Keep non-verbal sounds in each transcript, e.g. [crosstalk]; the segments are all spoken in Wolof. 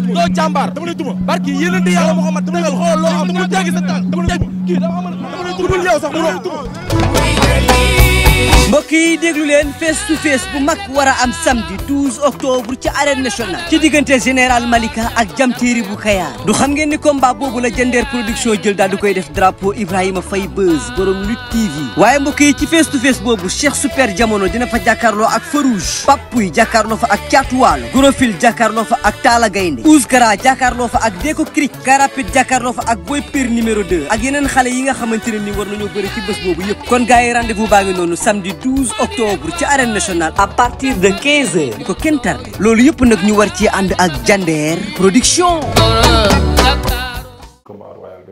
doo jàmbaar barki yéen a di yàlla Muhammad xool loo am lu jéggi sa tànk kii dafa amal ku dul yow sax mënoo yi déglu leen face to face bu mag war a am samedi 12 octobre ci arène nationale ci diggante général Malika ak jamtéeri bu Kayaar du xam ngeen ni combat boobu la jëndeer production jël daal di koy def drapeau Ibrahima Faye Beuz borom Lutte TV waaye mbokk yi ci fees tu face boobu Cheikh Super Jamono dina fa jàkkaarloo ak Farouche Papuy jàkkaarloo fa ak Caatuwaalo Gorofil jàkkaarloo fa ak Taala Gaynde Ouskara fa ak Deko Cric Karapit jàkkaarloo fa ak Boy Pire numéro 2 ak yeneen xale yi nga xamante ni war nañoo bëri ci bés boobu yëpp kon gars yi rendez-vous baa ngi noonu samedi octobre ci arène national à partir de 15 heures ko kenn tardé loolu yëpp nag ñu war ci ànd ak Jandeer production combat royal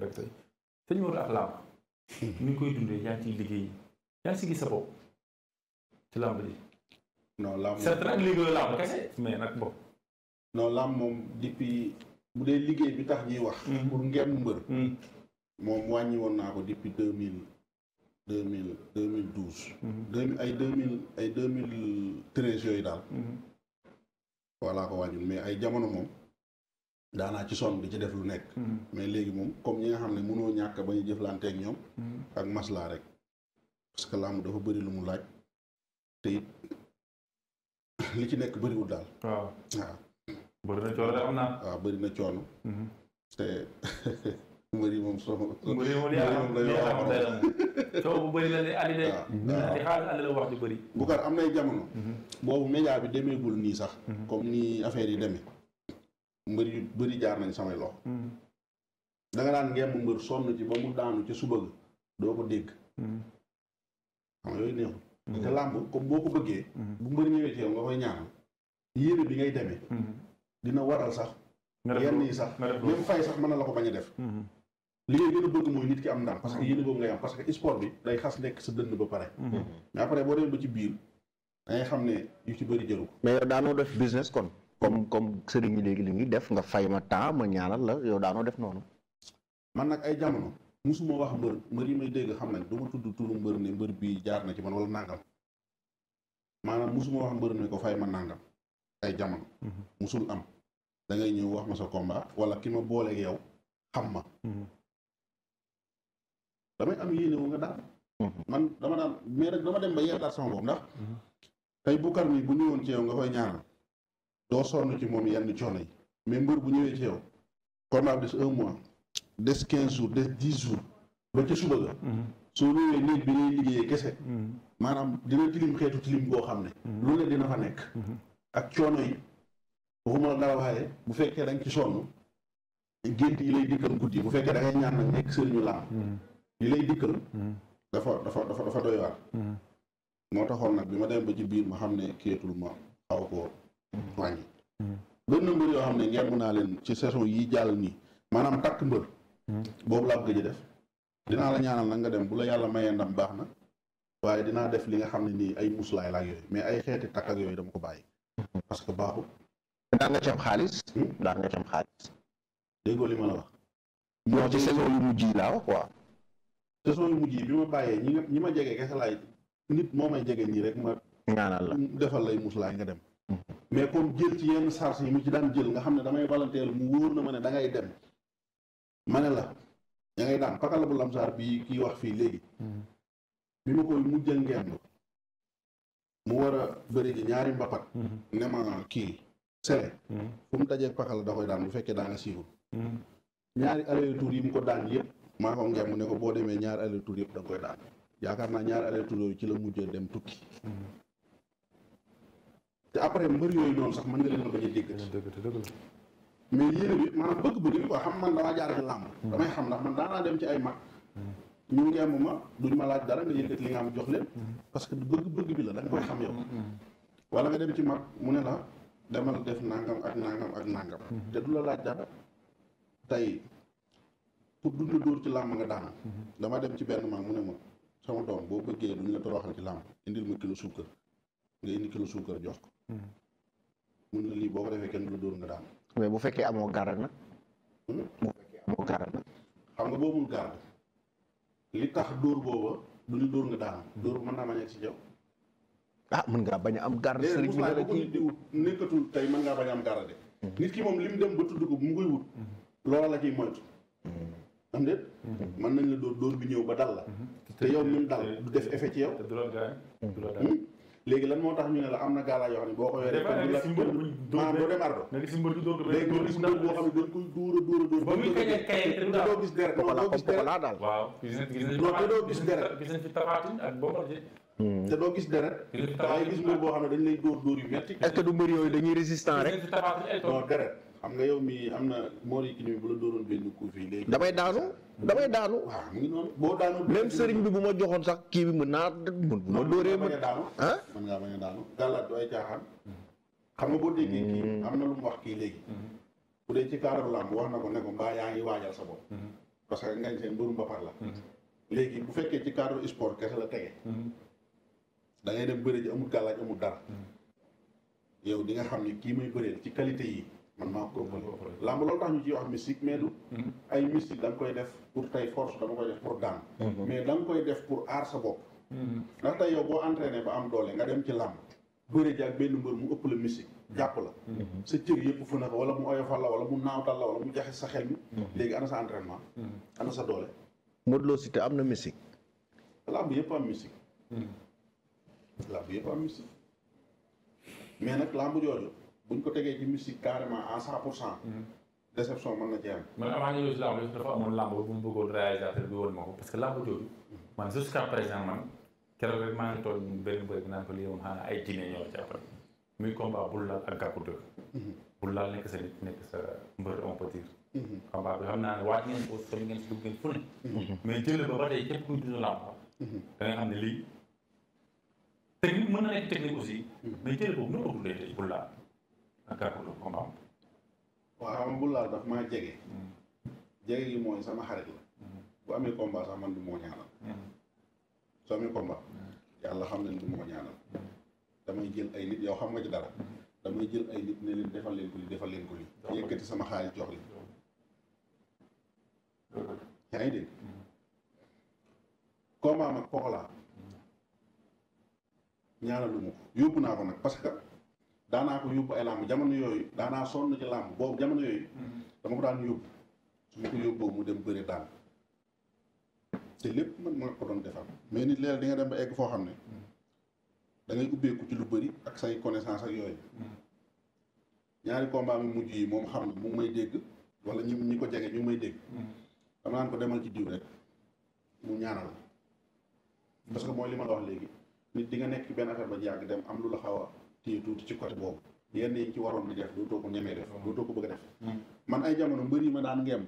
koy dundee liggéey yaa ci gis sa bopp ci moom depuis bu dee liggéey bi tax ñuy wax mm-hmm. pour ngem mbër mm-hmm. moom wàññi woon naa ko depuis deux mille deux mil deux mille douze. deux ay deux mille ay yooyu daal. voilà ko wàññil mais ay jamono moom daanaa ci sonn di ci def lu nekk. mais léegi moom comme ñi nga xam ne mënoo ñàkk ba ñu jëflanteeg ñoom. ak maslaa rek parce que làmb dafa bëri lu mu laaj te li ci nekk bëriwul daal. waaw waaw. bëri na coono waaw bëri na coono. Mhm. [laughs] mbëri moom soxla. mbëri moom coow bu bëri la de Ali de. Ali ah. xaalis Ali la wax ju bëri. Boucar am nay jamono. Mhm. boobu média bi demeegul nii sax. Mhm. comme ni affaire yi demee. mbër yu bëri jaar nañ samay loxo. Mhm. da daan ngemb mbër sonn ci ba mu daanu ca suba ga doo ko dégg. xam nga yooyu neexul. te làmb comme boo ko bëggee. bu mbër ñëwee ci nga koy ñaanal. yéene bi ngay demee. dina waral sax. yenn yi sax même def. li ngay gën bëgg mooy nit ki am ndam parce que mm-hmm. yéen boobu ngay am parce que sport bi day xas nekk sa dënn ba pare mm-hmm. mais après boo demee ba ci biir da xam ne yu ci bëri jëru mais yow daanoo def business kon comme comme sëriñ yi léegi li ngi nga fay ma temps ma ñaanal la yow daanoo def noonu man nag ay jamono musuma wax mbër mbër yi may dégg xam nañ du ma tudd turu mbër ne mbër bii jaar na ci man wala nàngam maanaam musuma wax mbër ne ko fay ma nàngam ay jamono mm-hmm. musul am da ngay ñëw wax ma sa komba wala ki ma booleeg yow xam ma damay am yéene wu nga daan mhm. man dama daan mais rek dama dem ba yeetaat sama bopp ndax mhm. tey Boucar mi bu ñëwoon ci nga koy ñaanal doo sonn ci moom yenn coono yi mais mbër bu ñëwee ci yow combat bi des un mois des quinze jours des dix jours ba ca suba ga mhm. soo ñëwee bi lay kese maanaam dina tilim xeetu tilim boo xam ne lu ne dina fa nekk ak coono yi waxuma la dara waaye bu fekkee da nga ci sonn gént yi lay dikkal guddi bu fekkee da ngay ñaan nag nekk sëriñu laam li lay dikkal hmm. dafa dafa dafa doy waar hmm. moo taxoon nag bi ma dem ba ci biir ma xam ne kéetul ma xaw ko hmm. wàññi benn mbër yoo xam ne ngemb naa leen ci saison yi jàll nii maanaam takk mbër boobu laa bëgg a def dinaa la ñaanal nag nga dem bu la yàlla mayee ndam baax na waaye dinaa def li nga xam ne nii ay muslaay laak yooyu mais ay xeeti takk ak yooyu dama ko bàyyi parce que baaxul daan nga ci xaalis daan nga ci am xaalis déggoo li ma la wax moo ci saison yu mujj laa wax quoi te soo mujj yi bi ma bàyyee ñi ñi ma jege kese laay nit moo may jege nii rek ma. ñaanal la defal lay muslaay nga dem. Mhm. mais comme jël ci yenn charge yi mu ci daan jël nga xam ne damay volontaire mu wóor na ma ne dangay ngay dem ma ne la da ngay daan pakala bu lamsaar bi kii wax fii léegi. Mhm. bi ma koy mujj ngeen mu war a bëri ji ñaari mbapat. Mhm. ne ma kii sele fu mu dajee pakala da koy daan bu fekkee daa nga siiwul. ñaari aller yi mu ko daan yëpp. maa ko ngeen mu ne ko boo demee ñaari aller retour yëpp da nga koy daan yaakaar naa ñaari aller retour yooyu ci la mujjee dem tukki. te après mbër yooyu doon sax mën nga leen a bañ a déggati. bi maanaam xam man damaa jaar ci làmb. Hmm. damay xam ndax man daanaa dem ci ay mag. Hmm. ñu ngeemu ma duñ ma laaj dara nga yëkkati li nga am jox leen. Hmm. parce que bëgg-bëgg bi la da nga koy xam yow. wala nga dem ci mag mu ne la demal def nangam ak nangam ak nangam. te du la laaj dara tey. pour duñ la dóor ci làmb nga daan dama dem ci benn maam mu ne ma sama doom boo bëggee duñ la toroxal ci làmb indil ma kilo suukar nga indi kilo suukar jox ko hmm. mun na lii boo ko defee kenn du la dóor nga daan mais bu fekkee amoo garde nag hmm? bu fekkee amoo garde nag xam nga boobul garde li tax dóor booba duñu dóor nga daan dóor bu mën naa bañ a ci jaw ah mun ngaa bañ a am garde sëriñ bi la ko nit nekkatul tey mën ngaa bañ a am garde hmm. nit ki moom li dem ba tudd ko mu koy wut loola la ciy moytu am déet mhm. mën nañ la dóor dóor bi ñëw ba dal la mhm. te yow mi mu dal du def effet ci yow hmm? léegi lan moo tax ñu ne la am na gaalaay yoo xam ne boo ko yoree kan du la maanaam koy a dóor a dóor ba muy kañe kañe te doo gis deret gis hmm. deret daal boo xam ne dañ lay dóor dóor yu metti est que du mbër yooyu dañuy résistant rek non deret xam nga yow mii am na moor yi ki bu la dóoroon benn coup fii léegi. damay daanu damay daanu. waaw mu ngi noonu sëriñ bi bu ma joxoon sax kii bi mu naa mu bu ma dóoree ma daanu. ah mën ngaa bañ a daanu. gàllaat du ay caaxaan. xam nga boo déggee kii mm-hmm. am na lu mu wax kii léegi. Mm-hmm. bu dee ci cadre làmb wax na ko ne ko mbaa yaa ngi waajal sa bopp. Mm-hmm. parce que ngañ seen mbërum ba par la. léegi bu fekkee ci cadre sport kese la tege. da ngay dem bëri ji amul gàllaaj amul dara. yow di nga xam ne kii m bëreel ci qualité yi. man maa ko gën a làmb loolu tax ñu ciy wax mystique mais du. Mm-hmm. ay mystique def pour tey force dama koy def pour daan. Mm-hmm. mais da nga koy pour aar sa bopp. Mm-hmm. tey yow boo entraîné ba am doole nga dem ci làmb. bëre ji ak benn mu ëpp la mystique jàpp la. sa cër yëpp fu na wala mu oyofal la wala mu naawtal la wala mu jaxe sa léegi ana sa entraînement. ana sa doole. Modou Lo Siteu am na mystique. làmb yëpp am mystique. làmb yëpp am mystique. mais nag làmb jooju. buñ ko tegee ci mystique carrément à cent pour cent mhm. déception mën na ci man avant ñu ñëw si làmb dafa amoon làmb bu mu bëggoon réalisateur bi woon ma ko parce que làmb jooju man jusqu'à présent man keroog rek ay jinne ñoo ci muy combat bul laal ak gàkku mhm. bul laal nekk sa nit nekk sa mbër on peut dire mhm. bi xam naa ne waaj ngeen ko soñ ngeen si mais jël ba ba nga xam ne lii technique mën na nekk technique aussi mais jël boobu noo ko dundee tey bul laal kàkkaarloo combat bi. waaw xam bu laal daf maa jege. Hmm. jege gi mooy sama xarit la. Hmm. bu amee combat sax man du moo ñaanal. Hmm. su amee yàlla xam ne du moo damay jël ay nit yow ci dara. damay jël ay nit ne leen defal leen sama xaalis jox li yaa ñaanaluma ko yóbbu naa ko nag parce daanaa ko yóbbu ay làmb jamono yooyu daanaa sonn ci làmb boobu jamono yooyu. Mm-hmm. dama ko daan yóbbu su ma ko yóbboo mu dem bëri daan te lépp man maa ko doon defal mais nit léeg di nga dem ba egg foo xam ne mm-hmm. da ngay ubbeeku ci lu bëri ak say connaissance ak yooyu. Mm-hmm. ñaari combat mi mujj yi moom xam ne mu ngi may dégg wala ñi ñi ko jege ñu may dégg. dama naan ko demal ci diw rek mu ñaanal la. parce que mooy li ma la wax léegi nit di nga nekk ci benn affaire ba yàgg dem am lu la xaw téye tuuti ci côté boobu yenn yi ci waroon di def dootoo ko ñemee def mm. dootoo ko bëgg a def mm. man ay jamono mbër ma daan ngemb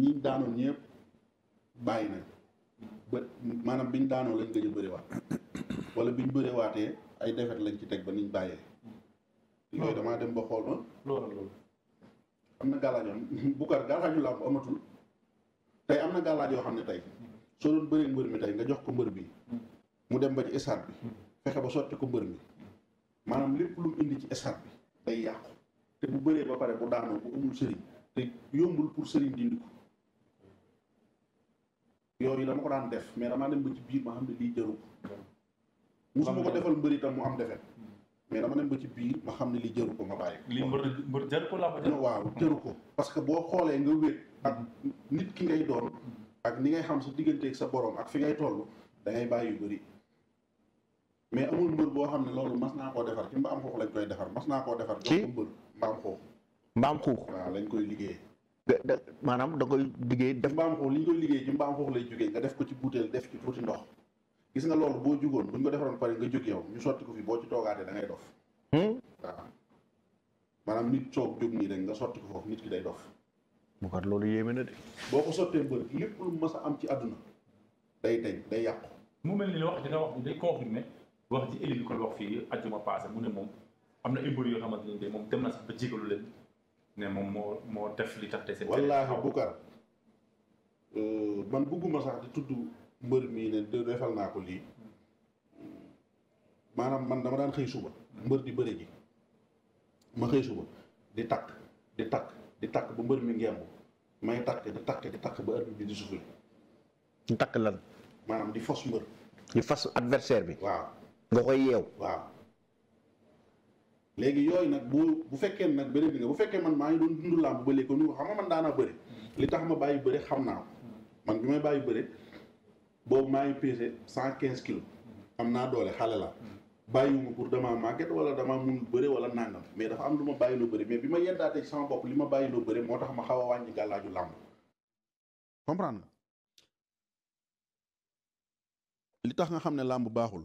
ñi daanoon ñëpp bàyyi nañ ba maanaam biñ daanoo lañ gëj a bëriwaat [coughs] wala biñ bëriwaatee ay defet lañ ci teg ba niñ bàyyee mm. yooyu damaa dem ba xool ma ah, loolu loolu am na gàllaajoon [laughs] Boucar gàllaaju làmb amatul tey am na gàllaaj yoo xam ne tey soo doon bëree mbër mi tey nga jox ko mbër bi mu dem ba ci estade bi fexe ba sotti ko mbër mi maanaam lépp lu indi ci esar bi day yàqu te bu bëree ba pare bu daanoo bu amul sëriñ te yombul pour sëriñ dindi ko yooyu dama ko daan def mais damaa dem ba ci biir ma xam ne lii jëru ko musuma ko defal mbëri tam am defet mais dama dem ba ci biir ma xam ne li jëru ko ma bàyyi ko. li mbër mbër jëru ko laa ko waaw jëru ko parce que boo xoolee nga wér ak nit ki ngay doon ak ni ngay xam si digganteek sa borom ak fi ngay toll dangay ngay bàyyi yu bëri mais amul mbër boo xam ne loolu mas naa koo defar ci mbaam xuux lañ koy defar mas naa koo defar. ci mbaam xuux mbaam xuux. mbaam xuux waaw lañ koy liggéey. da maanaam da koy liggéey def. mbaam xuux li liggéey ci mbaam lay jógee nga ko ci butéel def ci tuuti ndox gis nga loolu boo jugoon buñ ko defaroon pare nga jóg yow ñu sotti ko fi boo ci toogaatee da ngay dof. Hmm? waaw maanaam nit coog jóg nii rek nga sotti foofu nit ki day dof. bu kat loolu yéeme na de. boo ko sottee mbër lépp lu am ci àdduna day dañ day yàqu. day confirmer wax ji éli bi kon wax fii ajjuma passé mu ne moom am na ay mbër yoo xamante ne moom dem na sax ba jégalu leen ne moom moo moo def li tax te seen. wallaahi Boucar euh, man bëgguma sax di tudd mbër mii ne defal naa ko lii maanaam man dama daan xëy mbër di bëri ji ma xëy di takk di takk di takk ba mbër mi ngemb may takk di takk di takk ba arbitre takk lan. di fos mbër. di fas adversaire bi waaw. nga koy yeew. waaw léegi yooyu nag bu bu fekkee nag beneen bi nga bu fekkee man maa ngi doon dund làmb ba léegi comme ni ko xam nga man daana bëri. li tax ma bàyyi bëri xam naa ko. man bi may bàyyi bëre boobu maa ngi pesé cent quinze kilos. am naa doole xale la bàyyiwuma pour damaa màgget wala damaa mun bëre wala nangam mais dafa am lu ma bàyyiloo bëri mais bi ma yeddaatee ci sama bopp li ma bàyyiloo bëri moo tax ma xaw a wàññi gàllaaju làmb comprendre nga li tax nga xam ne làmb baaxul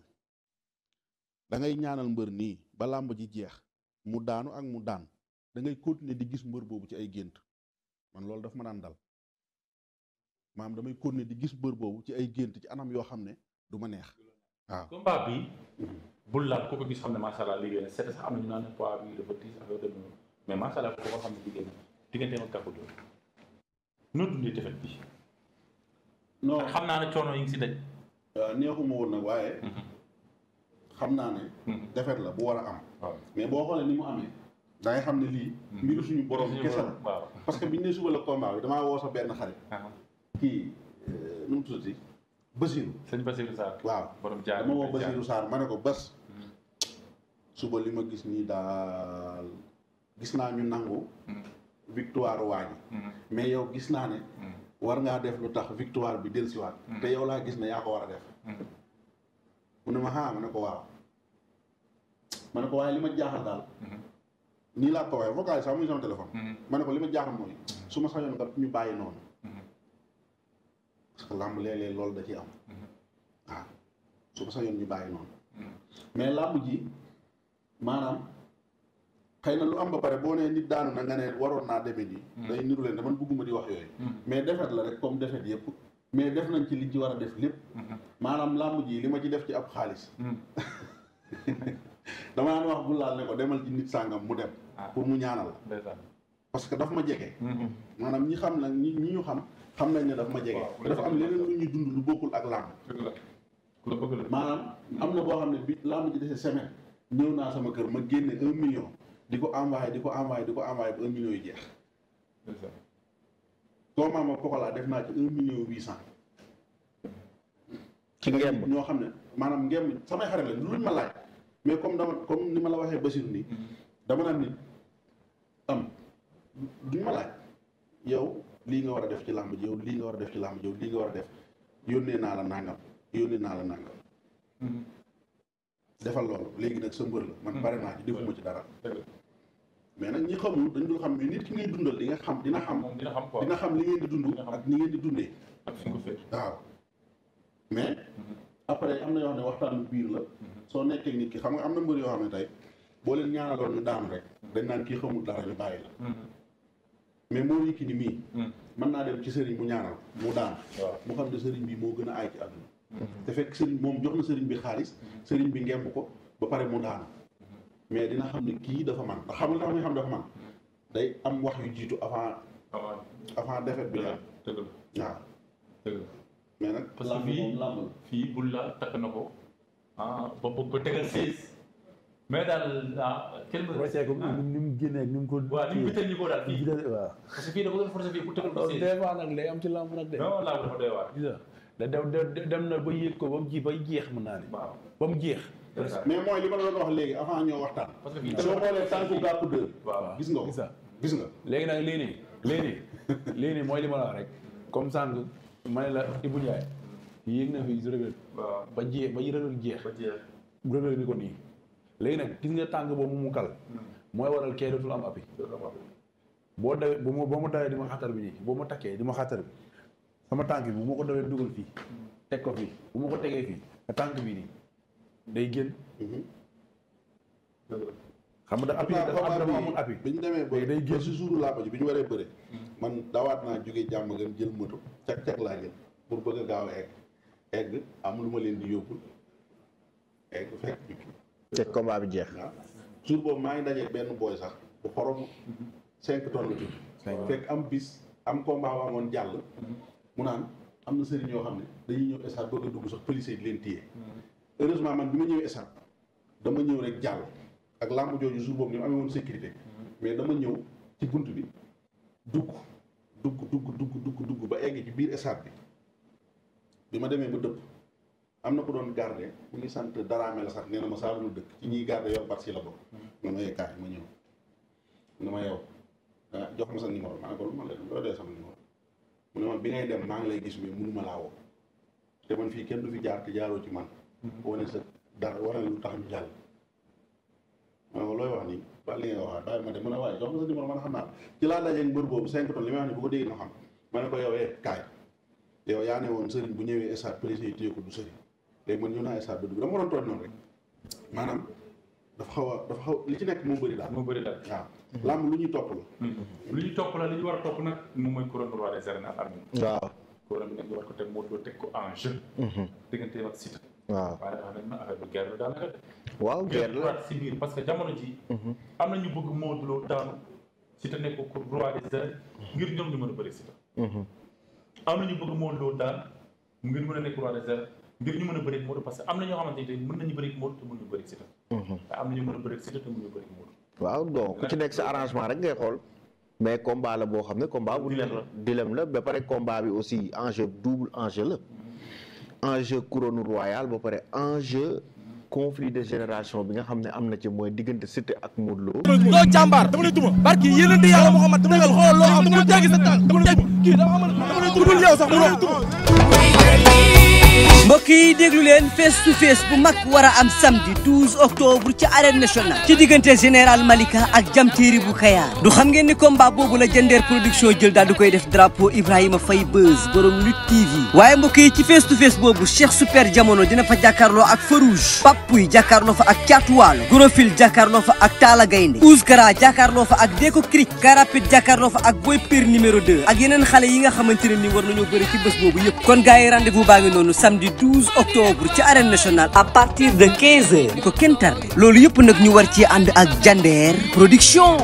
da ngay ñaanal mbër nii ba làmb ji jeex mu daanu ak mu daan da ngay continuer di gis mbër boobu ci ay gént man loolu daf ma daan dal maam damay continuer di gis mbër boobu ci ay gént ci anam yoo xam ne du ma neex waaw. combat bul laal ku ko gis xam ne macha liggéey na seet sax am na ñu naan poids bi dafa tiis ak yooyu mais macha allah ku ko xam ne liggéey na digganteem ak kàkku doon noo dundee xam naa ne coono yi ngi si daj. neexuma woon nag waaye. Mhm. xam naa ne. defet la bu war a am. mais boo xoolee ni mu amee. da ngay xam ne lii. Hmm. mbiru suñu borom kese la. parce que biñ ne suba la combat bi damaa woo sa benn xarit. Ah. kii euh, nu mu tuddati Basiru. sëñ Basiru Sarr. waaw borom jaar dama woo Basiru saar ma ne ko bas. Hmm. suba li ma gis nii daal gis naa ñu nangu. Hmm. victoire waa ji. mais yow gis naa ne. war ngaa def lu tax victoire bi dellusiwaat. te yow laa gis ne yaa ko war a def. mu ne ma ah ma ne ko waaw ma ne ko waaye li ma jaaxal daal. Mhm. nii laa ko waxee vocal sax muy sama téléphone. Mhm. ma ne ko li ma jaaxal mooy. Mhm. su ma sañoon kat ñu bàyyi noonu. parce que làmb loolu da ciy am. waaw su ma sañoon ñu bàyyi noonu. mais làmb ji maanaam xëy na lu am ba pare boo nee nit daanu na nga ne waroon naa demee nii. day niru leen ne man bëgguma di wax yooyu. mais defet la rek comme defet yëpp. mais def nañ ci li ci war a def lépp. Mm-hmm. maanaam làmb ji li ma ci def ci ab xaalis. Mm-hmm. [laughs] dama daan wax bu laal ne ko demal ci nit sàngam mu dem. Ah. pour mu ñaanal la. parce que dafa ma jege. Mm-hmm. maanaam ñi xam na ñi ñi ñu xam xam nañ ne daf ma jege. dafa am leneen lu ñuy dund lu bokkul ak làmb. maanaam am na boo xam ne bi làmb ji dese semaine. ñëw naa sama kër ma génne un million. di ko envoyé di ko envoyé di ko envoyé ba un million yu jeex. combat ma Pokola def naa ci un million huit ci ngemb ñoo xam ne maanaam ngemb samay xarit la luñ ma laaj mais comme dama comme ni ma la waxee Basiru nii dama naan nit am duñ ma laaj yow lii nga war a def ci làmb ji yow lii nga war a def ci làmb ji yow lii nga war a def yónnee naa la nangam yónnee naa la nangam mhm. defal loolu léegi nag sa mbër la man mhm. pare naa ci defuma ci dara mais nag ñi xamul dañ dul xam mais nit ki ngay dundal di nga xam dina xam. dina xam quoi dina xam li ngeen di dund. ak ni ngeen di dundee. ak fi waaw. mais mm-hmm. après am na yoo xam ne waxtaan bu biir la. Mm-hmm. soo nekkee nit ki xam nga am na mbër yoo xam ne tey boo leen ñaanaloon ñu daan rek. dañ naan kii xamul dara ñu bàyyi la. Mm-hmm. mais moo yëkki ni mii. Mm. mën naa dem ci sëriñ mu ñaanal mu daan. mu xam ne sëriñ bi moo gën a aay ci àdduna. te fekk sëriñ moom jox na sëriñ bi xaalis. sëriñ bi ngemb ko ba pare mu daan. mais dina xam ne kii dafa man ndax xam nga tax muy xam dafa man day am wax yu jiitu avant. avant nag. parce fii fii la takk na ko. ah ba ba tegal siis. mais daal ah kenn ah. ko. waaw ni mu bital ñu ko daal fii da de. dem na ba yéeg ko ba mu ji bay jeex mën naa ne. ba mu jeex. mais mooy li ma la doon wax léegi avant ñoo waxtaan. parce que soo xoolee tànku gàpp deux. waaw gis nga gis nga. léegi nag lii nii lii nii [laughs] lii mooy li ma rek comme sànq ma ne la Ibou Ndiaye yéeg na fi rëbël. waaw ba jeex ba rëbël jeex. ba jeex rëbël ni ko nii. léegi nag gis nga tànk boobu mu kal. Hmm. mooy waral kee dootul am appui. boo dawee bu mu boo mu dawee di ma xatar bi nii boo ma takkee di ma xatar bi sama tànk bi bu ma ko dawee dugal fii teg ko fii bu ma ko tegee fii tànk bi nii day génn. xam nga appui dafa am dafa amul appui. ba ñu demee booy day génn si suuru làmb ji bi ñu waree bëre. man dawaat naa jóge jàmm gën jël moto cag cag laa jël pour bëgg a gaaw a egg egg am lu ma leen di yóbbul egg fekk jukki. teg bi jeex. waaw jour boobu maa ngi dajee benn booy sax bu xorom cinq tonnes la jur. fekk am bis am combat waa amoon jàll. mu naan am na sëriñ yoo xam ne dañu ñëw stade bëgg a dugg sax policier di leen téye. heureusement man bi ma ñëwee esar dama ñëw rek jàll ak làmb jooju jour boobu ni mu amee woon sécurité mais dama ñëw ci bunt bi dugg dugg dugg dugg dugg dugg ba egg ci biir esar bi bi ma demee ba dëpp am na ko doon garde bu ngi sant daraame la sax nee na ma saa dëkk ci ñuy garde yor bat si la bokk ma ma yekkaay ma ñëw na ma yow ah, jox ma sa numéro maa a ko man la loo dee sama numéro mu ne ma bi ngay dem maa ngi lay gis mais mënuma laa woo te man fii kenn du fi jaar te jaaroo ci wane sa dara wane lu tax ñu jàll. ma ne ko looy wax nii ba li ngay wax bàyyi ma dem mu ne waaye jox ma sa numéro man xam naa ci laa dajeeg mbër boobu 5 tonnes li may wax nii bu ko déggee na xam ma ne ko yow eh kaay yow yaa ne woon sëriñ bu ñëwee stade policier yi téye ko du sëriñ léegi man ñëw naa stade ba dugg dama doon tooñ noonu rek maanaam dafa xaw a dafa xaw li ci nekk moo bëri daal. moo bëri daal waaw. làmb lu ñuy topp la. Mm-hmm. lu ñuy topp la li ñu war a topp nag moom mooy couronne roi des arènes waaw couronne bi nag ñu war ko teg moo doo teg ko en jeu. Mm-hmm. digganteem ak Siteu waaw waaye nag nag affaire bi guerre la daanaka de. waaw guerre la si biir parce que jamono ji mhm. am na ñu bëgg Modou Lo daanu si te nekk ko roi des arènes ngir ñoom ñu mën a bëri si la. Mhm. am na ñu bëgg Modou Lo daan ngir mën a nekk roi des arènes ngir ñu mën a bëri Modou parce que am na ñoo xamante ne tey mën nañu bëri Modou te mënuñu bëri si te. Mhm. te am na ñu mën a bëri si te te mënuñu bëri Modou. waaw bon ku ci nekk sa arrangement rek ngay xool. mais combat la boo xam ne combat bu neex la dilem la ba pare combat bi aussi enjeu double enjeu la. enjeu couronne royale ba pare enjeu conflit de génération bi nga xam ne am na ci mooy diggante Siteu ak Modou Lo. doo jàmbaar dama lay duma. di yàlla Muhammad dama lay xool loo am dama lay sa tànk dama lay duma kii dama lay duma mbokk yi déglu leen face to face bu mag war a am samedi 12 octobre ci arène nationale ci diggante général Malika ak jamtéeri bu Kayar du xam ngeen ni combat boobu la Jëndeer production jël daal du koy def drapeau Ibrahima Faye Beuz borom Lutte TV waaye mbokk yi ci face to face boobu Cheikh Super Jamono dina fa jàkkaarloo ak Farouche Papuy jàkkaarloo fa ak Caatuwaalo Gorofil jàkkaarloo fa ak Talla Gaynde Ouskara jàkkaarloo fa ak Deko Cric Karapit jàkkaarloo fa ak Boy Pire numéro 2 ak yeneen xale yi nga xamante ne war nañoo bëri ci bés boobu kon samedi 12 octobre ci arène national à partir de 15 heures bu ko kenn loolu yëpp nag ñu war ci ànd ak Jandeer production